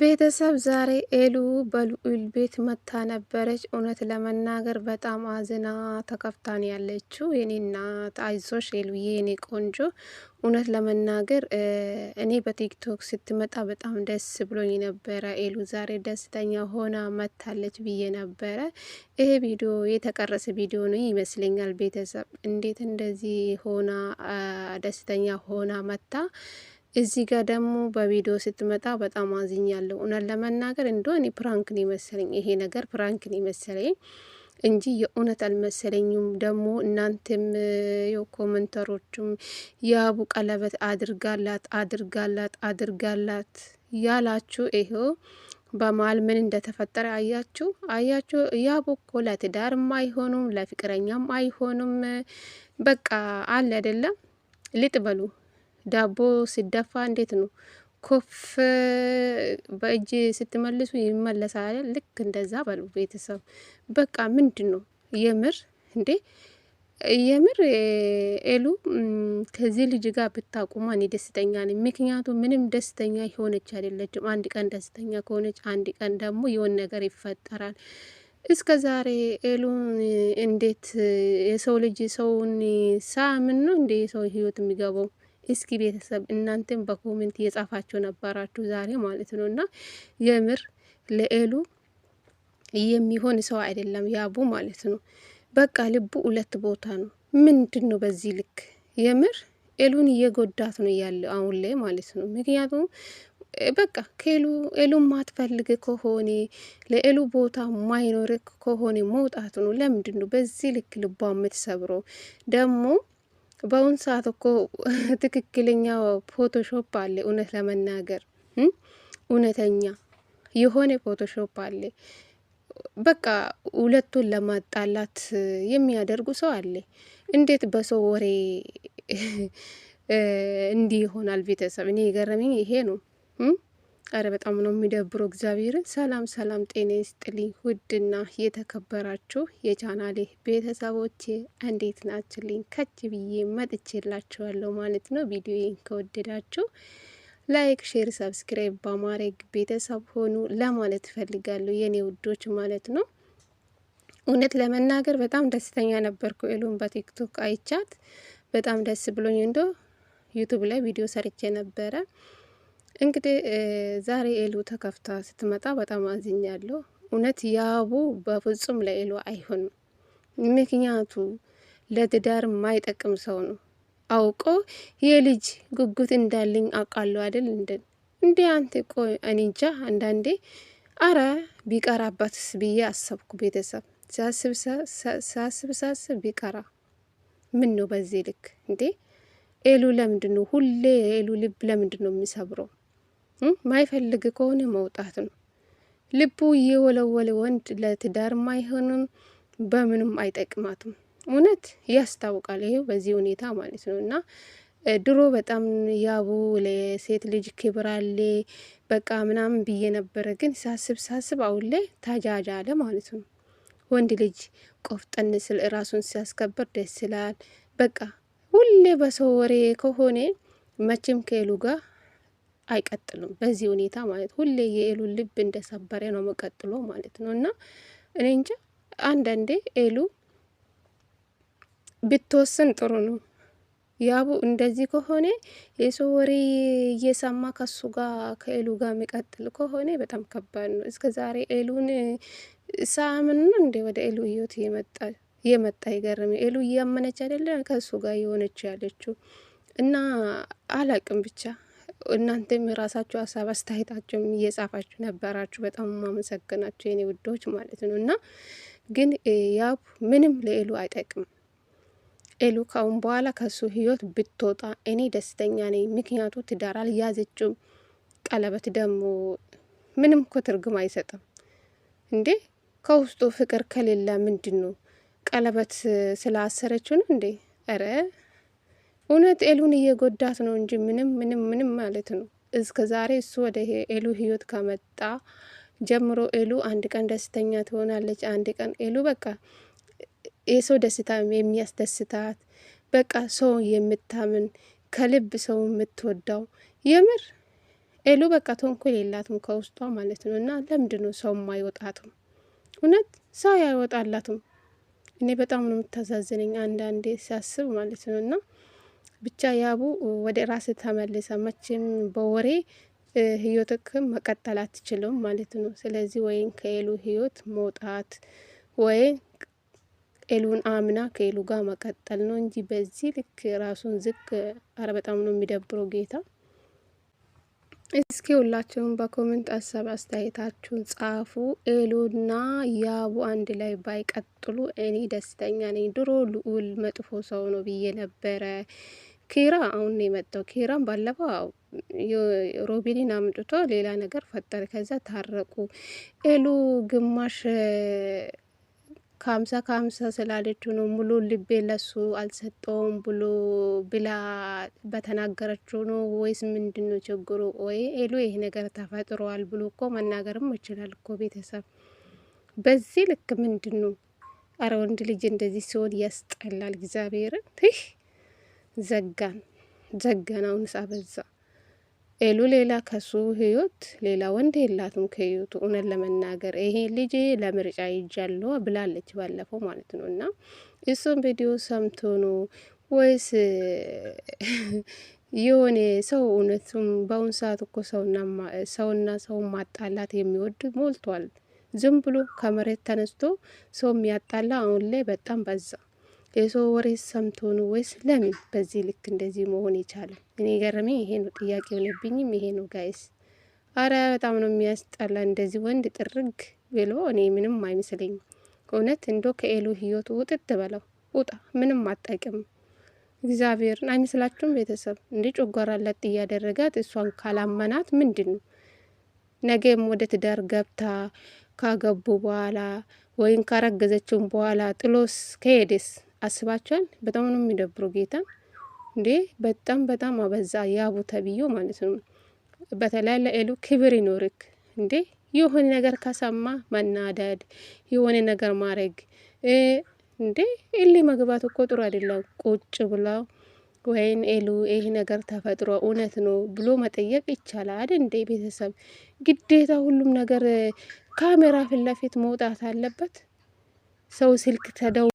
ቤተሰብ ዛሬ ኤሉ በልዑል ቤት መታ ነበረች። እውነት ለመናገር በጣም አዝና ተከፍታን ያለችው የኔ እናት፣ አይዞሽ ኤሉዬ የኔ ቆንጆ። እውነት ለመናገር እኔ በቲክቶክ ስትመጣ በጣም ደስ ብሎኝ ነበረ። ኤሉ ዛሬ ደስተኛ ሆና መታለች ብዬ ነበረ። ይሄ ቪዲዮ የተቀረሰ ቪዲዮ ነው ይመስለኛል። ቤተሰብ እንዴት እንደዚህ ሆና ደስተኛ ሆና መታ እዚህ ጋር ደግሞ በቪዲዮ ስትመጣ በጣም አዝኛለሁ። እውነት ለመናገር እንደሆን ፕራንክን ይመሰለኝ ይሄ ነገር ፕራንክን ይመሰለኝ እንጂ የእውነት አልመሰለኝም። ደግሞ እናንተም የኮመንተሮቹም የአቡ ቀለበት አድርጋላት አድርጋላት አድርጋላት ያላችሁ ይሄው በመሀል ምን እንደተፈጠረ አያችሁ አያችሁ። ያቡ እኮ ለትዳርም አይሆኑም ለፍቅረኛም አይሆኑም። በቃ አለ አይደለም ልጥ በሉ ዳቦ ሲደፋ እንዴት ነው ኮፍ በእጅ ስትመልሱ ይመለሳል። ልክ እንደዛ በሉ ቤተሰብ። በቃ ምንድን ነው የምር እንዴ የምር ኤሉ ከዚህ ልጅ ጋር ብታቁማ እኔ ደስተኛ ነኝ። ምክንያቱም ምንም ደስተኛ የሆነች አይደለችም። አንድ ቀን ደስተኛ ከሆነች፣ አንድ ቀን ደግሞ የሆን ነገር ይፈጠራል። እስከ ዛሬ ኤሉ እንዴት የሰው ልጅ ሰውን ሳምን ነው እንዴ የሰው ህይወት የሚገባው? እስኪ ቤተሰብ እናንተም በኮሜንት እየጻፋችሁ ነበራችሁ ዛሬ ማለት ነው። እና የምር ለኤሉ የሚሆን ሰው አይደለም ያቡ ማለት ነው። በቃ ልቡ ሁለት ቦታ ነው። ምንድን ነው በዚህ ልክ የምር ኤሉን እየጎዳት ነው ያለው አሁን ላይ ማለት ነው። ምክንያቱም በቃ ከኤሉ ኤሉ ማትፈልግ ከሆነ ለኤሉ ቦታ ማይኖር ከሆነ መውጣት ነው። ለምንድን ነው በዚህ ልክ ልቧ የምትሰብረው ደግሞ በአሁን ሰዓት እኮ ትክክለኛ ፎቶሾፕ አለ። እውነት ለመናገር እውነተኛ የሆነ ፎቶሾፕ አለ። በቃ ሁለቱን ለማጣላት የሚያደርጉ ሰው አለ። እንዴት በሰው ወሬ እንዲህ ይሆናል? ቤተሰብ እኔ የገረመኝ ይሄ ነው። ኧረ በጣም ነው የሚደብረው እግዚአብሔርን። ሰላም ሰላም፣ ጤና ይስጥልኝ ውድና የተከበራችሁ የቻናሌ ቤተሰቦቼ እንዴት ናችሁልኝ? ከች ብዬ መጥቼላችኋለሁ ማለት ነው። ቪዲዮዬን ከወደዳችሁ ላይክ፣ ሼር፣ ሰብስክራይብ በማድረግ ቤተሰብ ሆኑ ለማለት ፈልጋለሁ የኔ ውዶች ማለት ነው። እውነት ለመናገር በጣም ደስተኛ ነበርኩ። ኤሉን በቲክቶክ አይቻት በጣም ደስ ብሎኝ እንዶ ዩቱብ ላይ ቪዲዮ ሰርቼ ነበረ እንግዲህ ዛሬ ኤሉ ተከፍታ ስትመጣ በጣም አዝኛለሁ። እውነት ያቡ በፍጹም ለኤሉ አይሆንም። ምክንያቱ ለትዳር ማይጠቅም ሰው ነው። አውቆ የልጅ ጉጉት እንዳለኝ አውቃለሁ አይደል? እንድን እንዲ አንተ ቆ እንጃ አንዳንዴ አረ ቢቀራባትስ ብዬ አሰብኩ። ቤተሰብ ሳስብ ሳስብ ቢቀራ ምን ነው በዚህ ልክ እንዴ? ኤሉ ለምንድን ነው ሁሌ ኤሉ ልብ ለምንድን ነው የሚሰብረው? ማይፈልግ ከሆነ መውጣት ነው። ልቡ የወለወለ ወንድ ለትዳር ማይሆንም በምንም አይጠቅማትም። እውነት ያስታውቃል። ይሄው በዚህ ሁኔታ ማለት ነው እና ድሮ በጣም ያቡ ለሴት ልጅ ክብር አለ በቃ ምናምን ብዬ ነበረ። ግን ሳስብ ሳስብ አሁን ላይ አለ ማለት ነው። ወንድ ልጅ ቆፍጠን ስል ራሱን ሲያስከብር ደስ ይላል። በቃ ሁሌ በሰው ወሬ ከሆነ መቼም ከሉ ጋር አይቀጥሉም። በዚህ ሁኔታ ማለት ሁሌ የኤሉ ልብ እንደሰበረ ነው መቀጥሎ ማለት ነው። እና እኔ እንጃ አንዳንዴ ኤሉ ብትወስን ጥሩ ነው። ያቡ እንደዚህ ከሆነ የሰው ወሬ እየሰማ ከሱ ጋር ከኤሉ ጋር የሚቀጥል ከሆነ በጣም ከባድ ነው። እስከ ዛሬ ኤሉን ሳምን ነው እንዴ ወደ ኤሉ ህይወት የመጣ ይገርም ኤሉ እያመነች አይደለ ከሱ ጋር የሆነች ያለችው እና አላቅም ብቻ እናንተም የራሳችሁ ሀሳብ አስተያየታችሁም እየጻፋችሁ ነበራችሁ። በጣም ማመሰግናችሁ የኔ ውዶች ማለት ነው። እና ግን ያቡ ምንም ለኤሉ አይጠቅም። ኤሉ ካሁን በኋላ ከሱ ህይወት ብትወጣ እኔ ደስተኛ ነኝ። ምክንያቱ ትዳር አልያዘችም። ቀለበት ደግሞ ምንም እኮ ትርጉም አይሰጥም እንዴ! ከውስጡ ፍቅር ከሌለ ምንድን ነው? ቀለበት ስላሰረችው ነው እንዴ? ኧረ እውነት ኤሉን እየጎዳት ነው እንጂ ምንም ምንም ምንም ማለት ነው። እስከ ዛሬ እሱ ወደ ኤሉ ህይወት ከመጣ ጀምሮ ኤሉ አንድ ቀን ደስተኛ ትሆናለች፣ አንድ ቀን ኤሉ በቃ የሰው ደስታ የሚያስደስታት በቃ ሰው የምታምን ከልብ ሰው የምትወዳው የምር ኤሉ በቃ ተንኮል የላትም ከውስጧ ማለት ነው። እና ለምንድን ነው ሰውም አይወጣትም? እውነት ሰው አይወጣላትም። እኔ በጣም ነው የምታሳዝነኝ አንዳንዴ ሲያስብ ማለት ነው እና ብቻ ያቡ ወደ ራስ ተመልሰ መቼም በወሬ ህይወትክም መቀጠል አትችልም ማለት ነው። ስለዚህ ወይም ከኤሉ ህይወት መውጣት ወይን ኤሉን አምና ከኤሉ ጋር መቀጠል ነው እንጂ በዚህ ልክ ራሱን ዝቅ፣ አረ በጣም ነው የሚደብረው ጌታ። እስኪ ሁላችሁም በኮሜንት አሳብ አስተያየታችሁን ጻፉ። ኤሉና ያቡ አንድ ላይ ባይቀጥሉ እኔ ደስተኛ ነኝ። ድሮ ልዑል መጥፎ ሰው ነው ብዬ ነበረ። ኪራ አሁን ነው የመጣው። ኪራም ባለፈው ሮቢሊን አምጥቶ ሌላ ነገር ፈጠረ። ከዛ ታረቁ። ኤሉ ግማሽ ከሀምሳ ከሀምሳ ስላለች ነው ሙሉ ልቤ ለሱ አልሰጠውም ብሎ ብላ በተናገረችው ነው ወይስ ምንድን ነው ችግሩ? ወይ ኤሉ ይህ ነገር ተፈጥሯል ብሎ እኮ መናገርም ይችላል እኮ ቤተሰብ። በዚህ ልክ ምንድን ነው? አረ ወንድ ልጅ እንደዚህ ሲሆን ያስጠላል። እግዚአብሔርን ዘጋን ዘጋን። አሁንስ አበዛ። ኤሉ ሌላ ከሱ ህይወት ሌላ ወንድ የላትም ከህይወቱ። እውነት ለመናገር ይሄ ልጅ ለምርጫ ይጃለ ብላለች ባለፈው ማለት ነው። እና እሱም ቪዲዮ ሰምቶ ነው ወይስ የሆነ ሰው እውነቱም በአሁን ሰዓት እኮ ሰውና ሰውን ማጣላት የሚወድ ሞልቷል። ዝም ብሎ ከመሬት ተነስቶ ሰው የሚያጣላ አሁን ላይ በጣም በዛ። የሰው ወሬ ሰምቶ ነው ወይስ ለምን በዚህ ልክ እንደዚህ መሆን የቻለው? እኔ ገረመኝ። ይሄ ነው ጥያቄ ሆነብኝም ይሄ ነው ጋይስ። አረ በጣም ነው የሚያስጠላ። እንደዚህ ወንድ ጥርግ ብሎ እኔ ምንም አይመስለኝም እውነት። እንዶ ከኤሉ ህይወት ውጥት በለው ውጣ። ምንም አጠቅም። እግዚአብሔርን አይመስላችሁም ቤተሰብ? እንደ ጮጓራ ለጥ እያደረጋት እሷን ካላመናት ምንድን ነው ነገም ወደ ትዳር ገብታ ካገቡ በኋላ ወይም ካረገዘችውን በኋላ ጥሎስ ከሄደስ አስባቸዋል። በጣም ነው የሚደብሩ። ጌታ እንዴ በጣም በጣም አበዛ። ያቡ ተብዮ ማለት ነው። በተለይ ለኤሉ ክብር ይኖርክ እንዴ። የሆነ ነገር ከሰማ መናደድ፣ የሆነ ነገር ማድረግ እንዴ እሊ መግባት እኮ ጥሩ አይደለም። ቁጭ ብላው ወይን ኤሉ ይህ ነገር ተፈጥሮ እውነት ነው ብሎ መጠየቅ ይቻላል አይደል? እንዴ ቤተሰብ ግዴታ ሁሉም ነገር ካሜራ ፊት ለፊት መውጣት አለበት። ሰው ስልክ ተደው